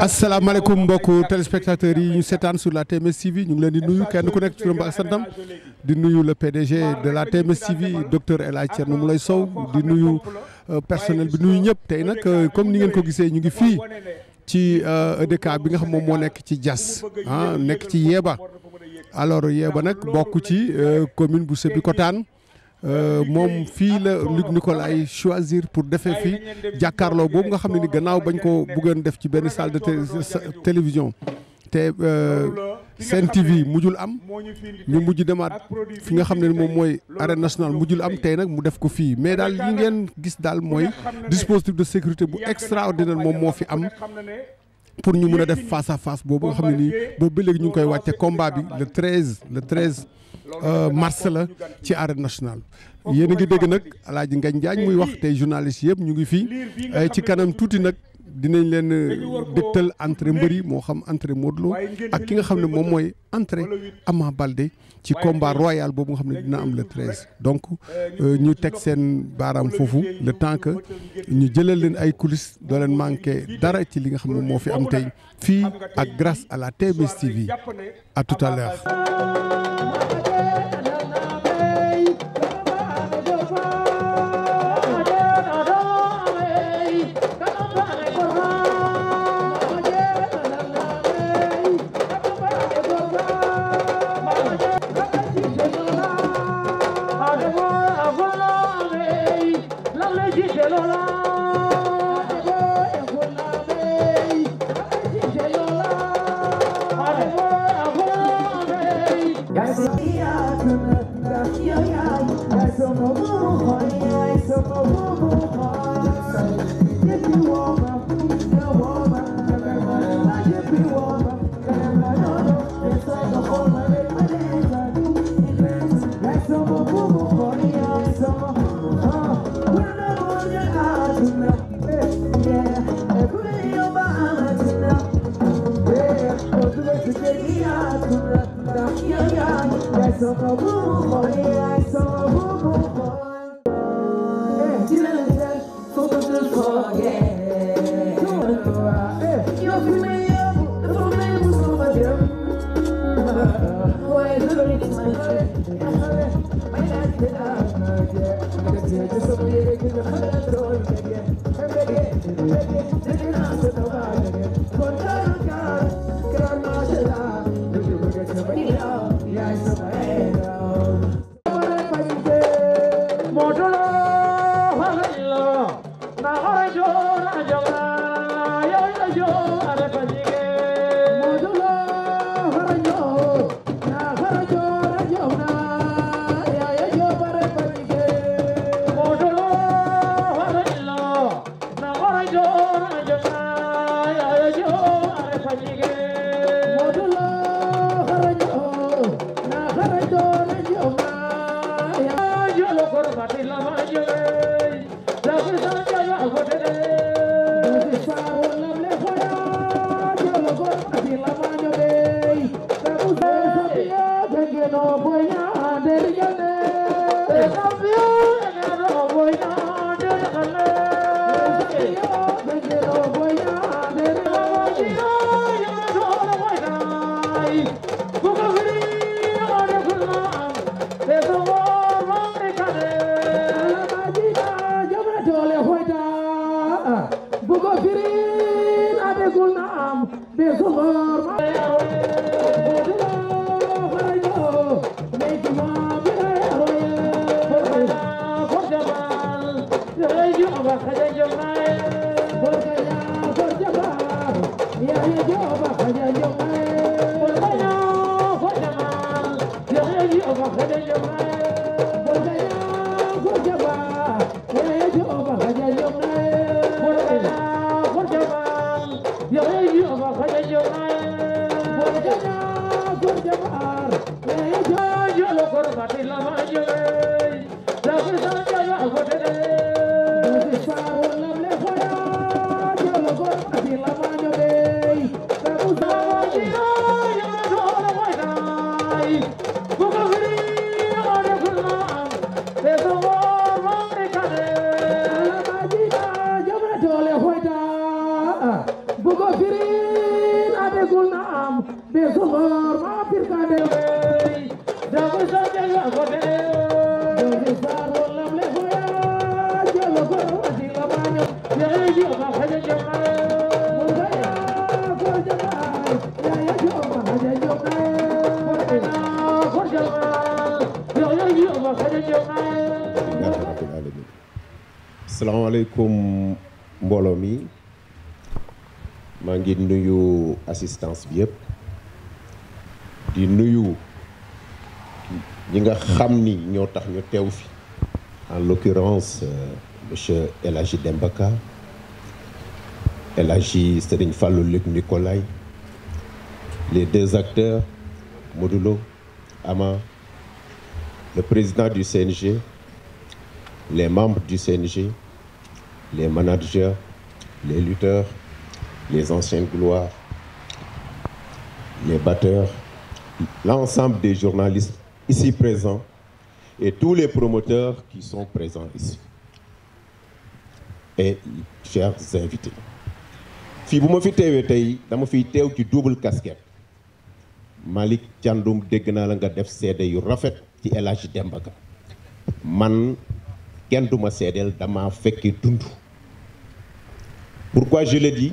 asalaamaaleykum mbokku téléspectateurs yi ñu seetaan sur la TMS TV ñu ngi leen di nuyu kenn ku nekk ci turam ba ak di nuyu le PDG de la TMS TV docteur El Hadj mu lay Sow di nuyu euh, personnel bi nuyu ñëpp tey nag euh, comme ni ngeen ko gisee ñu ngi fii ci EDK euh, e bi nga xam moom moo nekk ci Diass ah nekk ci yeeba alors yeeba nag bokk ci commune bu Sébikotane Euh, moom fii la Luc Nicolaï choisir pour defee fii jàkkaarloo boobu nga xam ne ni gannaaw bañ ko buggeen def ci benn salle de télévision te euh, Sen TV mujjul am ñu mujj demaat fi nga xam ne moom mooy arène nationale mujjul am tey nag mu def ko fii mais daal li ngeen gis daal mooy dispositif de sécurité bu extraordinaire moom moo fi am pour ñu mun a def face à face boobu nga xam ne nii boobu ba léegi ñu ngi koy wàcce combat bi le 13 le 13 euh, mars la ci arène nationale. yéen a ngi dégg nag El Hadj Ngagne Diagne muy wax tey journaliste yëpp ñu ngi fii euh, ci kanam tuuti nag. dinañ leen dégtal euh, entrée mbër moo xam entrée Modou Lo ak ki nga xam ne moom mooy entrée Ama Baldé ci combat royal boobu nga xam ne dina am le treize. donc euh, euh, ñu teg seen baaraam foofu le temps que ñu jëlal leen ay coulisses doo leen manqué dara ci li nga xam ne moo fi am tey fii ak grace à la TMS TV à tout à l'heure Joba, Khadija Mai, Borja Ya, Borja Ba, Ya Ya Joba. am bi sukur ma pirka dewe jabu sa jalla ko dewe jabu sa rolam le hoya jalla ko wasi la banyo ya yo ma haja jalla salaamaaleykum mbooloo mi maa ngi nuyu assistance bi yëpp di nuyu ñi nga xam ni ñoo tax ñu teew fi en l'occurrence euh, monsieur El Hadji Demba Ka El Hadji Serigne Fallou Luc les deux acteurs Modou aman le président du CNG les membres du CNG les managers les lutteurs les anciennes gloires, les batteurs, l'ensemble des journalistes ici présents et tous les promoteurs qui son présents ici. et chers invités. fii bu ma fi teewee tey dama fiy teew ci double casquette Malick Thiandoum dégg naa la nga def seede yu rafet ci El Hadj man kenn duma seedeel dama fekkee dund pourquoi je le dis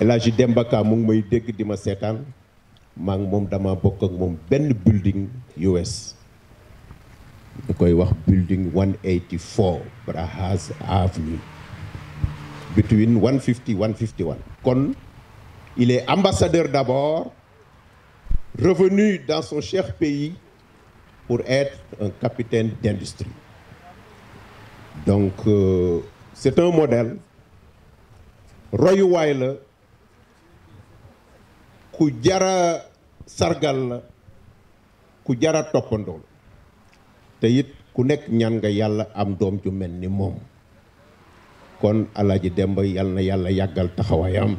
El Hadji Demba mu ngi may dégg di ma seetaan maa ngi moom dama bokk ak moom benn building US ñu koy wax building 184 Brahas Avenue between 150 151 kon il est ambassadeur d'abord revenu dans son cher pays pour être un capitaine d'industrie donc euh, c'est un modèle royuwaay ku jara sargal la ku jara toppandoo la te it ku nekk ñaan nga yàlla am doom ju mel ni moom kon Alaaji Demba yàlla yàlla yàggal taxawaayam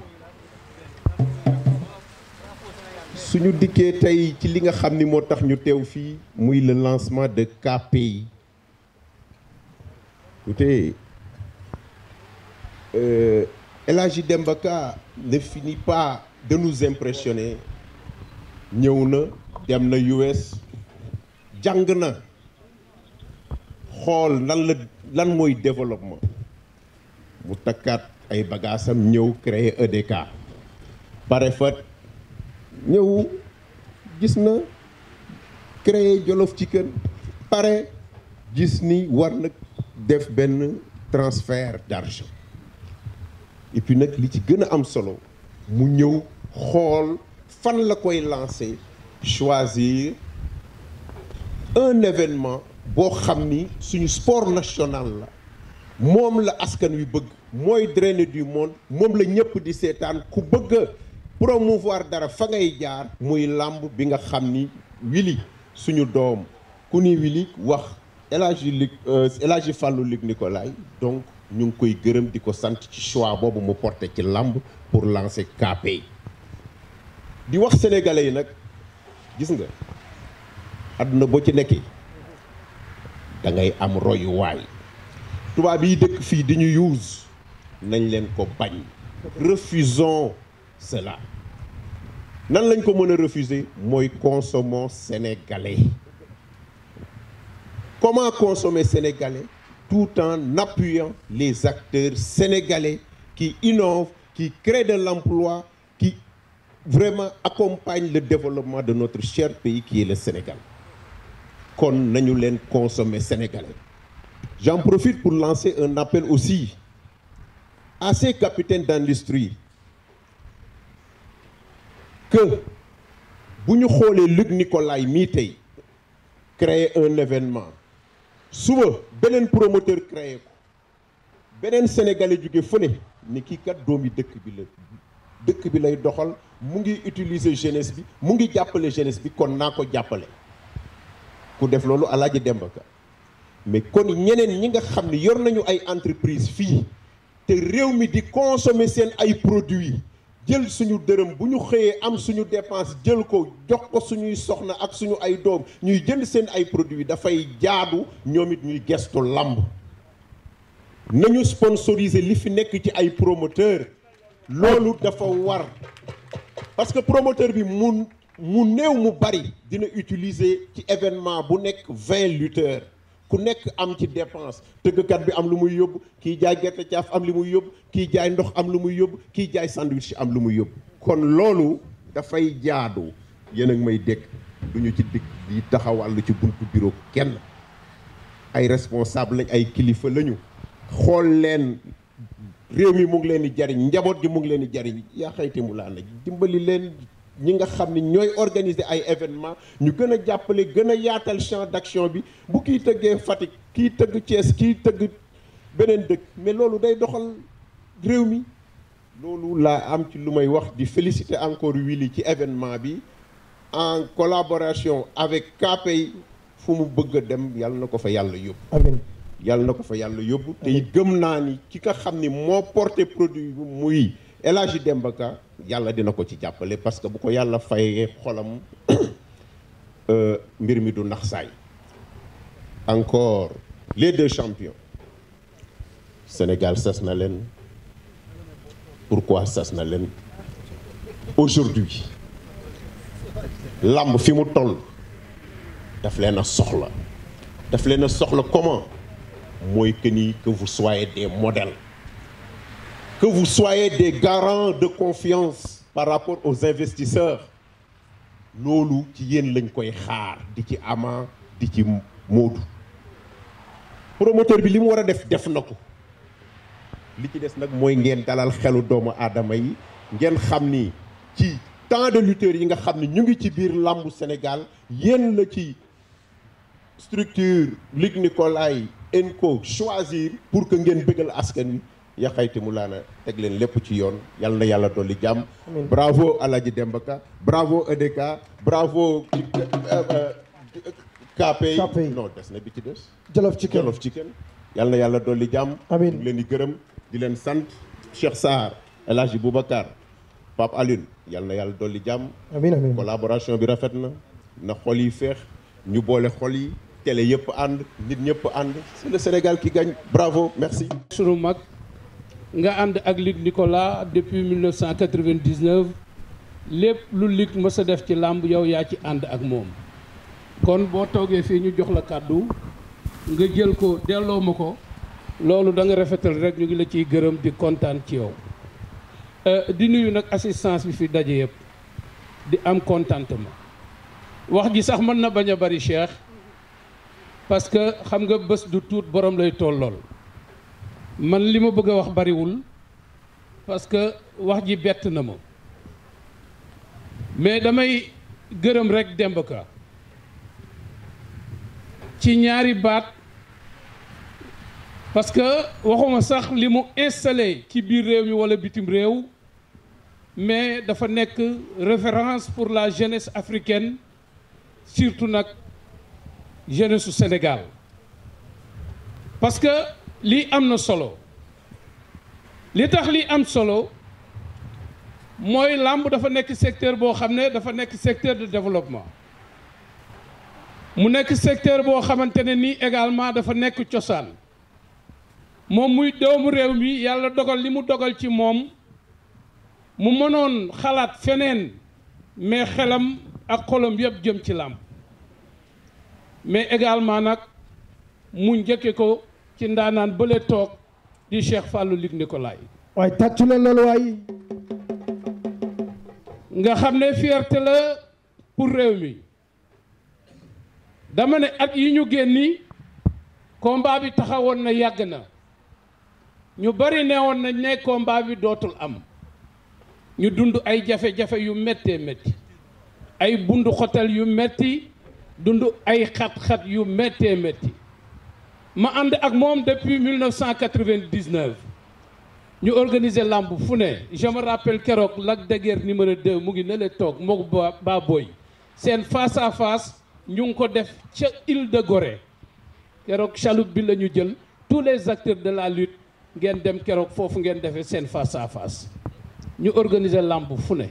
suñu dikkee tey ci li nga xam ni moo tax ñu teew fii muy le lancement de KPI écoutez euh, Alaaji Demba Ka ne finit pas de nous impressionner ñëw na dem na US jàng na xool lan mooy développement mu takkaat ay bagaasam ñëw créer EDK pare fa ñëw gis na jolof ci kën pare gis ni war na def benn transfert d'argent et nag li ci gën a am solo mu ñëw xool fan la koy lancer choisir un événement boo xam ni suñu sport national la moom la askan wi bëgg mooy drainée du monde moom la ñëpp di seetaan ku bëgg a promouvoir dara fa ngay jaar muy làmb bi nga xam ni Wili suñu doom ku ni Wili wax El Hadji Lig euh, El Hadji Fallou Lig Nicolaï donc ñu ngi koy gërëm di ko sant ci choix boobu mu porté ci làmb pour lancer KP di wax sénégalais yi nag gis nga àdduna boo ci nekkee da ngay am royuwaay tubaab yi dëkk fii di ñu use nañ leen ko bañ refusons cela nan lañ ko mën a refuser mooy consommons sénégalais comment consommer sénégalais tout en appuyant les acteurs sénégalais qui innovent qui créent de l'emploi vraiment accompagne le développement de notre cher pays qui est le Sénégal kon nañu leen consommer sénégalais j'en profite pour lancer un appel aussi à ces capitaines d'industrie que bu ñu xoolee Luc Nicolaï mii tey créer un événement suba beneen promoteur créer ko beneen sénégalais jóge fële ni kii kat doomi dëkk bi la dëkk bi lay doxal mu ngi utiliser jeunesse bi mu ngi jàppale jeunesse bi kon naa ko jàppale ku def loolu Alaaji Demba Ka mais kon ñeneen ñi nga xam ne yor nañu ay entreprise fii te réew mi di consommer seen ay produits jël suñu dërëm bu ñu xëyee am suñu dépense jël ko jox ko suñuy soxna ak suñu ay doom ñuy jënd seen ay produits dafay jaadu ñoom it ñuy gestu làmb nañu sponsoriser li fi nekk ci ay promoteur loolu dafa war parce que promoteur bi mu mu néew mu bari dina utiliser ci événement bu nekk vingt lutteurs ku nekk am ci dépense tëggkat bi am lu muy yóbbu kii jaay gerte caaf am lu muy yóbbu kii jaay ndox am lu muy yóbbu kii jaay sandwich am lu muy yóbbu kon loolu dafay jaadu yéen a may dégg duñu ci dig di taxawal ci buntu bureau kenn ay responsable lañ ay kilifa lañu xool leen réew mi mu ngi leen di jariñ njaboot gi mu ngi leen di jariñ yaa xayti mu laa nag dimbali leen ñi nga xam ne ñooy organiser ay événement ñu gën a jàppale gën a yaatal champ d'action bi bu kiy tëggee Fatick kii tëgg Thiès kii tëgg beneen dëkk mais loolu day doxal réew mi loolu laa am ci lu may wax di féliciter encore Willy ci événement bi en collaboration avec KPI fu mu bëgg a dem yàlla na ko fa yàlla yóbbu. yàlla na ko fa yàlla yóbbu te it gëm naa ni ki nga xam ni moo porté produit bi muy El Hadji Ka yàlla dina ko ci jàppale parce que bu ko yàlla fayee xolam euh, mbir mi du nax saay encore les de champions Sénégal sas na leen pourquoi sas na leen aujourd'hui làmb fi mu toll daf leen a soxla daf leen a soxla comment mooy que ni que vous soyez des modèles que vous soyez des garants de confiance par rapport aux investisseurs loolu ci yéen lañ koy xaar di ci Ama di ci Modou promoteur bi li mu war a def def na ko li ci des nag mooy ngeen dalal xelu doomu aadama yi ngeen xam ni ci tant de lutteurs yi nga xam ne ñu ngi ci biir làmbu Sénégal yenn la ci structure Luc Nicolaï ENCO choisir pour que ngeen bëggal askan wi yaxayti mu laana teg leen lépp ci yoon yal na yàlla dolli jàmm bravo Aladji Demba Ka bravo EDK bravo KPI non des na bi ci des Jolof Chicken Jolof Chicken yal na yàlla dolli jàmm amiin leen di gërëm di leen sant Cheikh Sarr El Hadji Boubacar Pape yal na yàlla dolli jàmm amiin collaboration bi rafet na na xol yi feex ñu boole xol yi télé yëpp ànd nit ñëpp ànd Sénégal qui gagne bravo merci. sunu mag nga ànd ak Luc Nicolas depuis 1999 lépp lu Luc mës sa def ci làmb yow yaa ci ànd ak moom kon boo toogee fii ñu jox la kàddu nga jël ko delloo ma ko loolu da nga rafetal rek ñu ngi la ciy gërëm di kontaan ci yow euh, di nuyu nag assistance bi fi daje yëpp di am contentement. wax ji sax mën na bañ a bari Cheikh parce que xam nga bés du tuut borom lay tollool man li ma bëgg a wax bariwul parce que wax ji bett na ma mais damay gërëm rek Demba Ka ci ñaari baat parce que waxuma sax li mu installé ci biir réew mi walla bitim réew mais dafa nekk référence pour la jeunesse africaine surtout nag jeunesse su Sénégal parce que lii am na solo li tax lii am solo mooy làmb dafa nekk secteur boo xam ne dafa nekk secteur de développement mu nekk secteur boo xamante ne nii également dafa nekk cosaan moom muy doomu réew mi yàlla dogal li mu dogal ci moom mu mënoon xalaat feneen mais xelam ak xolam yëpp jëm ci làmb mais egalement nag mu njëkke ko ci ndaanaan bële toog di Cheikh Fallou Luc Nicolaï waaye tàccu leen loolu waaye nga xam ne fierte la pour réew mi dama ne at yi ñu génni combat bi taxawoon na yàgg na ñu bari neewoon na ne combat bi dootul am ñu dund ay jafe-jafe yu mettee metti ay bundu xotal yu metti dund ay xat-xat yu méttee métti ma ànd ak moom depuis 1999 ñu organiser làmb fu ne je me rappelle keroog Lac de Guiers numéro 2 mu ngi ne la toog moo ba ba seen face à face ñu ngi ko def ca île de Gorée keroog chaloupe bi la ñu jël tous les acteurs de la lutte ngeen dem keroog foofu ngeen defee seen face à ñu organiser làmb fu ne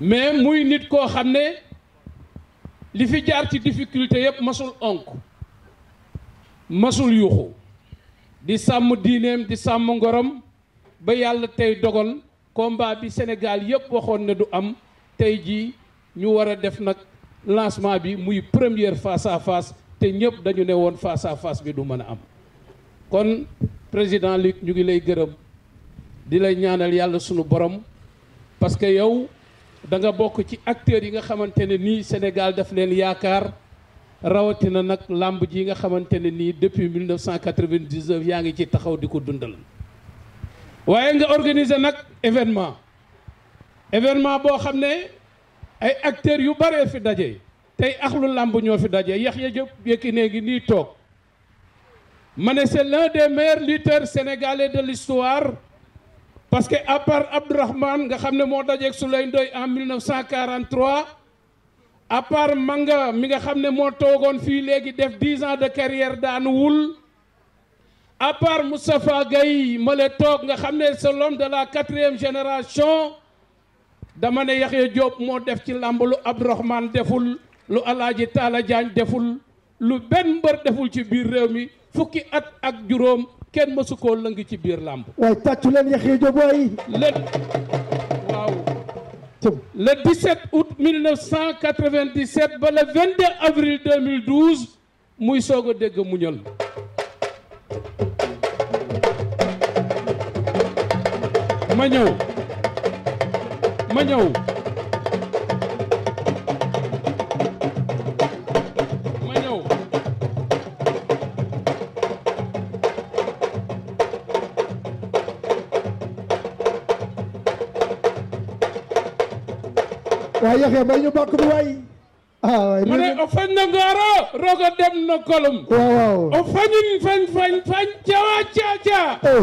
mais muy nit koo xam ne li fi jaar ci difficulté yëpp masul onk masul yuuxu di sàmm diineem di sàmm ngorom ba yàlla tey dogal combat bi Sénégal yëpp waxoon ne du am tey jii ñu war a def nag lancement bi muy première face à te ñëpp dañu ne woon face à bi du mën a am kon président Luc ñu ngi lay gërëm di lay ñaanal yàlla sunu borom parce yow da nga bokk ci acteur yi nga xamante ne nii Sénégal daf leen yaakaar rawatina nag làmb ji nga xamante ne nii depuis 1999 yaa ngi ci taxaw di ko dundal waaye nga organise nag événement événement boo xam ne ay acteurs yu baree fi daje tey axlu làmb ñoo fi daje yax ya jëpp Yékini ngi nii toog ma ne c'est l'un des meilleurs lutteurs sénégalais de l'histoire parce que à part Abdourahmane nga xam ne moo dajeeg Souley Ndoye en 1943 à part Manga mi nga xam ne moo toogoon fii léegi def dix ans de carrière daanuwul à part Moustapha Gaye male toog nga xam ne c'est l'homme de la quatrième génération dama ne Yaxya Diop moo def ci làmb lu Abdourahmane deful lu Alaaji Taala Jaañ deful lu benn mbër deful ci biir réew mi fukki at ak juróom kenn mësu la ngi ci biir làmb waaye tàccu leen yaxee jo booy le waaw le 17 ba le avril muy soog a dégg muñal ma ñëw ma ñëw waaye yaxee bay ñu bàkk bi waay ah mu ne o fañ na ngaaro roga dem no kolum waaw waaw o fañin fañ fañ fañ cawa caca eh.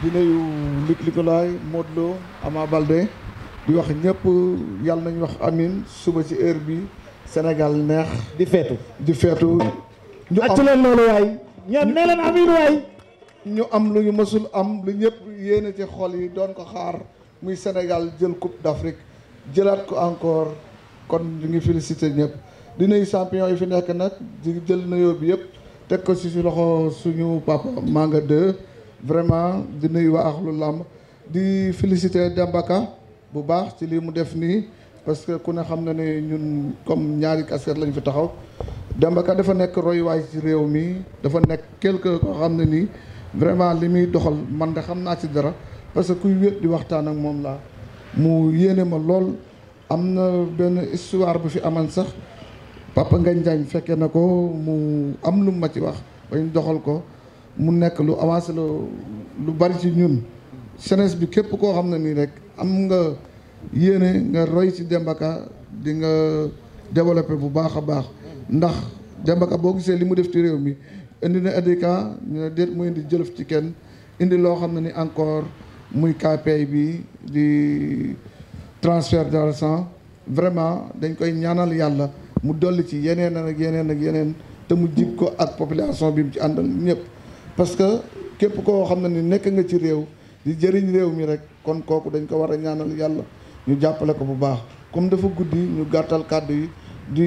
di nuyu Luc Nicolaï Modou Lo Ama di wax ñëpp yàlla nañu wax amin suba ci heure bi senegal neex. di feetu di feetu. ñu leen loolu waay. ñaan nee amin waay. ñu am lu ñu mësul am lu ñëpp yéene ci xol yi doon ko xaar muy Sénégal jël coupe d'Afrique jëlaat ko encore kon ñu ngi félicité ñëpp di nuyu champion yi fi nekk nag di jël nuyoo bi yëpp teg ko si loxo suñu papa Manga 2 vraiment di nuyu waa axlu di félicité Dembaka bu baax ci lii mu def nii parce que ku ne xam na ne ñun comme ñaari casquette lañ fi taxaw Dembaka dafa nekk royuwaay ci réew mi dafa nekk quelque koo xam ne nii. vraiment li muy doxal man de xam naa ci dara parce que kuy wéet di waxtaan ak moom laa mu yéene ma lool am na benn histoire bu fi aman sax papa Ngagne Diagne fekkee na ko mu am lu ma ci wax ba ñu doxal ko mu nekk lu avance la lu bari ci ñun jeunesse bi képp koo xam na nii rek am nga yéene nga roy ci Demba Ka di nga développé bu baax a baax ndax Demba boo gisee li mu def ci réew mi indi na éducat ñu ne déet mu indi jëlëf ci kenn indi loo xam ne ni encore muy KPI bi di transfert d'argent vraiment dañ koy ñaanal yàlla mu dolli ci yeneen ak yeneen ak yeneen te mu jig ko ak population bi mu ci àndal ñëpp parce que képp koo xam ne ni nekk nga ci réew di jëriñ réew mi rek kon kooku dañ ko war a ñaanal yàlla ñu jàppale ko bu baax comme dafa guddi ñu gàttal kàddu yi di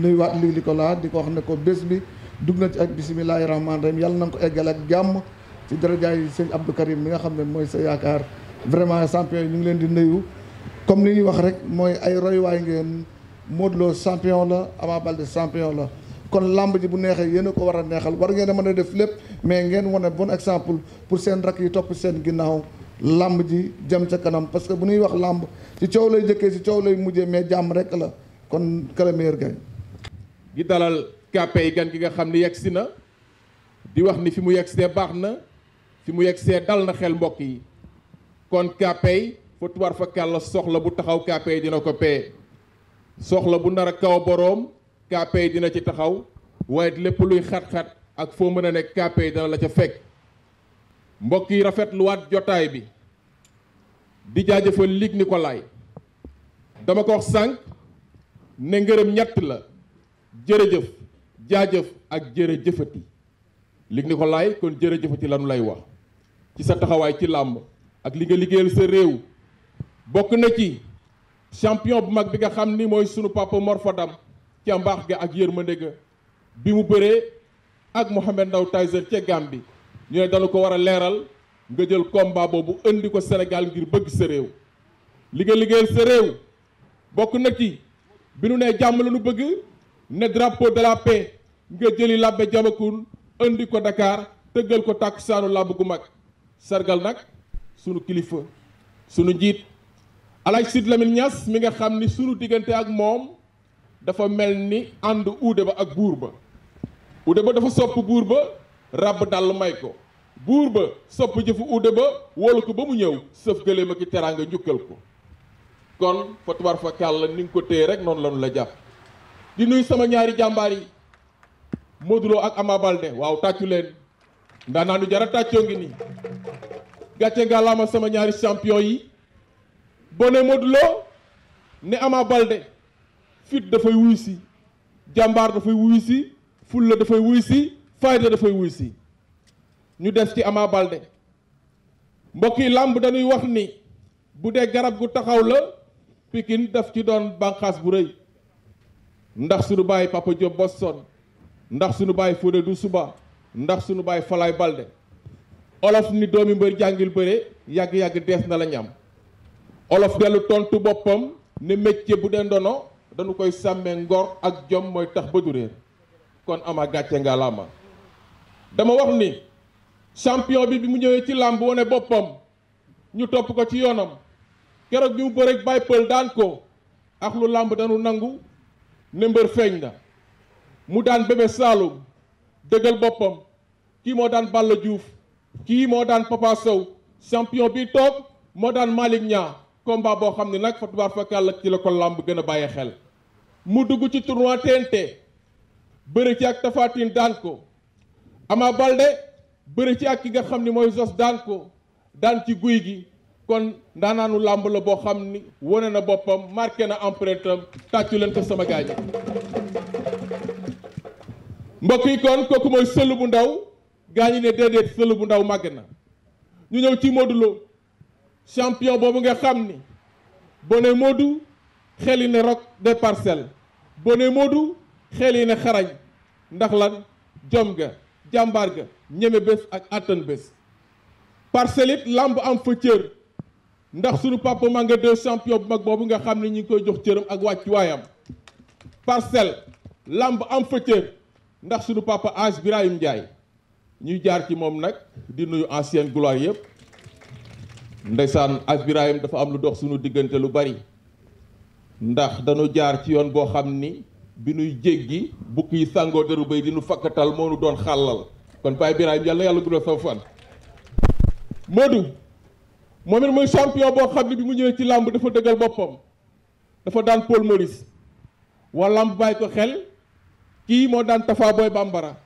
nuyuwaat li ko laa di ko xam ne ko bés bi dugg na ci ak bisimilahi rahmaani rahim yàlla nañ ko eggal ak jàmm ci darajaay sëñ Abdou Karim mi nga xam ne mooy sa yaakaar vraiment champion yi ñu ngi leen di nuyu comme li ñuy wax rek mooy ay royuwaay ngeen Modou Lo champion la Ama Baldé champion la kon lamb ji bu neexee yéen a ko war a neexal war ngeen a mën a def lépp mais ngeen wane bon exemple pour seen rakk yi topp seen ginnaaw làmb ji jëm ca kanam parce que bu ñuy wax làmb ci coow lay jëkkee ci coow lay mujjee mais jàmm rek la kon que le kàppey gan gi nga xam ni yegg si na di wax ni fi mu yegg see baax na fi mu yegg see dal na xel mbokk yi kon kàppey fa tubar fa kàll soxla bu taxaw kàppey dina ko pee soxla bu nar a kaw boroom kàppey dina ci taxaw waaye lépp luy xat-xat ak foo mën a nekk kàppey dana la ca fekk mbokk yi rafetluwaat jotaay bi di jaajëfal Luc Nicolaï dama ko wax ne ngërëm ñett la jërëjëf jaajëf ak jëre jërëjëfati lig ni ko laay kon jërëjëfati lanu lay wax ci sa taxawaay ci làmb ak li nga liggéeyal sa réew bokk na ci champion bu mag bi nga xam ni mooy sunu papa Mor Fadam ci mbaax ga ak yërmande ga bi mu bëree ak Mohamed Ndao Tyson ca Gambie ñu ne dañu ko war a leeral nga jël combat boobu indi ko senegal ngir bëgg sa réew li nga liggéeyal sa réew bokk na ci bi nu nee jàmm la nu bëgg ne drapeau de la paix nga jëli làbbe jamakun indi ko Dakar tëggal ko tàkkusaanu làmb gu mag sargal nag sunu kilifa sunu njiit Alaaji Sidy Lamine Niass mi nga xam ni sunu diggante ak moom dafa mel ni ànd uude ba ak buur ba uude ba dafa sopp buur ba ràbb dàll may ko buur ba sopp jëfu uude ba woolu ko ba mu ñëw sëf gëléem ak teraanga njukkal ko kon fa tubaar fa kàll ni nga ko téye rek noonu lanu la jàpp di nuyu sama ñaari jàmbaar yi Modou ak Ama Baldé waaw tàccu leen ndaa naanu jara tàccoo ngi nii gàcce ngalaama sama ñaari champion yi boo ne Modou Lo ne Ama Baldé fit dafay wuy si jàmbaar dafay wuy si fulla dafay wuy si fayda dafay wuy si ñu des ci Ama Baldé mbokk yi làmb dañuy wax ni bu dee garab gu taxaw la Pikine daf ci doon bànqaas bu rëy ndax sunu baay Papa Diop ndax sunu baay Fodé suba ndax sunu baay Falaay Balde olof ni doomi mbër jàngil bëre yàgg-yàgg dees na la ñam olof dellu tontu boppam ne métier bu dee ndono dañu koy sàmmee ngor ak jom mooy tax ba du réer kon ama gàcce nga laama dama wax ni champion bi bi mu ñëwee ci làmb wane boppam ñu topp ko ci yoonam keroog bi mu bëreeg Baye Pël daan ko ak lu làmb dañu nangu ne mbër feeñ na mu daan bébé Saloum dëggal boppam kii moo daan Balla Diouf kii moo daan Papa Sow champion bi toog moo daan Malick Niang combat boo xam ne nag fa tubaab fakàll ci la ko làmb gën bàyyi xel mu dugg ci tournoi TNT bëri ci ak Tapha daan ko Ama Baldé bëri ci ak ki nga xam ni mooy Zos daan ko daan ci guy gi kon ndaanaanu làmb la boo xam ni wane na boppam marqué na empreinte am tàccu leen ko sama gaañ mbokk yi kon kooku mooy sëlu bu ndaw gaañu ne déedéet sëlu bu ndaw màgg na ñu ñëw ci Modou Lo boobu nga xam ni boo ne Modou xel yi ne Roc des Parcelles boo ne Modou xel yi ne xarañ ndax lan jom ga jàmbaar ga ñeme bés ak àttan bés parcelle it làmb am fa cër ndax sunu papa Manga deux champion bu mag boobu nga xam ne ñu ngi koy jox cëram ak wàccuwaayam parcelle lamb am fa ndax sunu papa Ange Birahim Ndiaye ñuy jaar ci moom nag di nuyu ancienne gloire yëpp ndesaan Ange Birahim dafa am lu dox sunu diggante lu bari ndax dañu jaar ci yoon boo xam ni bi nuy jéggi bukk yi sàngoo dëru bay di nu fakkatal moo nu doon xàllal kon Baye Birahim yàlla yàlla guddal sama fan moom mooy muy champion boo xam ni bi mu ñëwee ci làmb dafa dëggal boppam dafa daan Paul Maurice waa làmb bàyyi ko xel kii moo daan Tafa Boy Bambara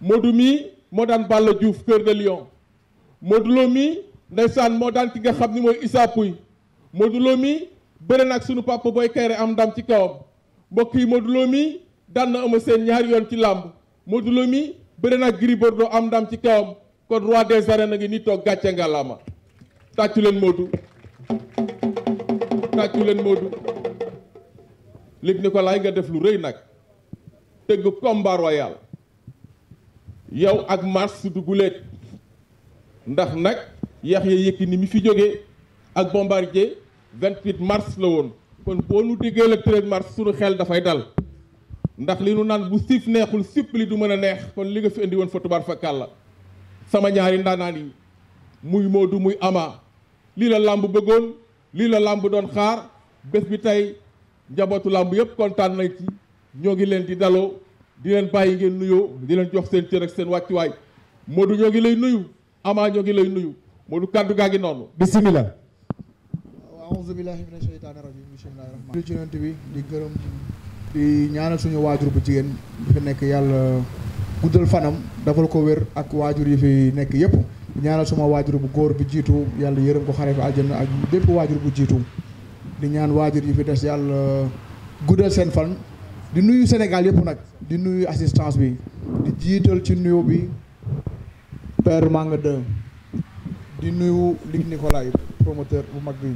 Modou mii moo daan Balla Diouf Cœur de Lion Modou Lo mii ndeysaan moo daan ki nga xam ni mooy Issa Pouye Modou Lo mii bëre ak sunu papa booy Kayre am ndam ci kawam bokk yi Modou Lo mii daan na Eumeu seen ñaari yoon ci làmb Modou Lo mii bëre na ak Gris Bordeaux am ndam ci kawam kon roi de arènes na ngi ni toog gàcce ngalaama tàccu leen Modou tàccu leen Modou Luc Nicolaï nga def lu rëy nag tëgg combat royal yow ak mars duguleet ndax nag yax Yaxya ni mi fi jóge ak Bombardier 28 mars la woon kon boo nu déggee le 13 mars suñu xel dafay dal ndax li nu naan bu siif neexul sippli du mën a neex kon li nga fi woon fa tubaar fa kàlla sama ñaari ndaanaan yi muy Modou muy Ama lii la làmb bëggoon lii la làmb doon xaar bés bi tey njabootu làmb yëpp kontaan nañ ci ñoo ngi leen di daloo di leen bàyyi ngeen nuyoo di leen jox seen cër ak seen wàccuwaay du ñoo ngi lay nuyu Ama ñoo ngi lay nuyu Modou kàddu gaa ngi noonu bisimilah. aouzu billahi mina sheytaani rajim bismillahi rahmaani ci yonent bi di gërëm ñaanal suñu waajur bu jigéen di fi nekk yàlla guddal fanam dafal ko wér ak waajur yi fi nekk yëpp ñaanal suma waajur bu góor bi jiitu yàlla yërëm ko xaree ko àjjana ak bépp waajur bu jiitu di ñaan waajur yi fi des yàlla guddal seen fan di nuyu Sénégal yëpp nag di nuyu assistance bi di jiital ci nuyu bi Père Manga 2 di nuyu Luc Nicolaï promoteur bu mag bi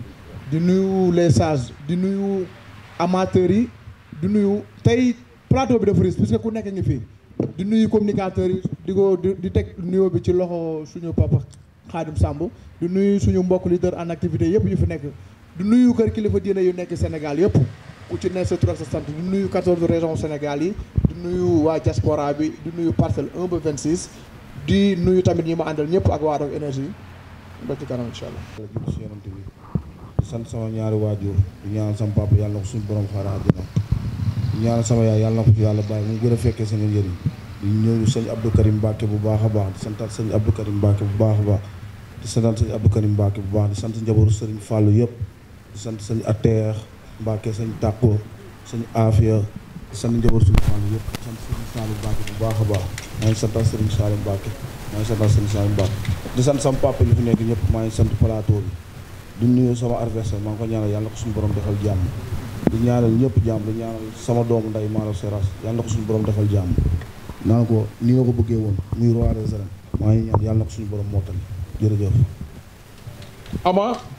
di nuyu les sages di nuyu amateurs yi di nuyu tey plateau bi dafa riche puisque ku nekk ngi fii di nuyu communicateur yi di ko di teg nio bi ci loxo suñu papa Khadim Samb di nuyu suñu mbokk leader en activité yëpp yu fi nekk di nuyu kër kilifa diine yu nekk Sénégal yëpp ku ci ne sa tur ak sa di nuyu 14 régions yi di nuyu waa diaspora bi di nuyu parcelle 1 ba 26 di nuyu tamit ñi ma àndal ñëpp ak waa Rock Énergie ba ci kanam incha allah. di sant sama ñaari waajur di ñaan sama papa yàlla na ko suñu borom xaaral àddina di ñaan sama yaay yàlla na ko ci yàlla bàyyi mu gën a fekkee seen yi di ñëw sëñ Abdou Karim Mbacke bu baax a baax di santaat sëñ Abdou Karim Mbacke bu baax a baax di santaat sëñ Abdou Karim Mbacke bu baax di sant njabootu sëriñ Fallou yëpp di sant sëñ Ateex Mbacke sëñ Tàkko sëñ Afia di sant njabootu sëriñ yëpp di sant sëriñ Saliou bu baax a baax maa ngi santaat sëriñ Saliou Mbacke maa ngi santaat sëriñ Saliou Mbacke di sant sama papa yi fi nekk ñëpp maa ngi sant palaatoo bi di nuyu sama adversaire maa ngi ko ñaanal yàlla ko suñu borom defal jàmm di ñaanal ñëpp jàmm di ñaanal sama doomu nday Maalo Seras yàlla na ko suñu borom defal jàmm naa ko ni nga ko bëggee woon muy roi des arènes maa ngi ñaan yàlla ko suñu borom mottali jërëjëf. Ama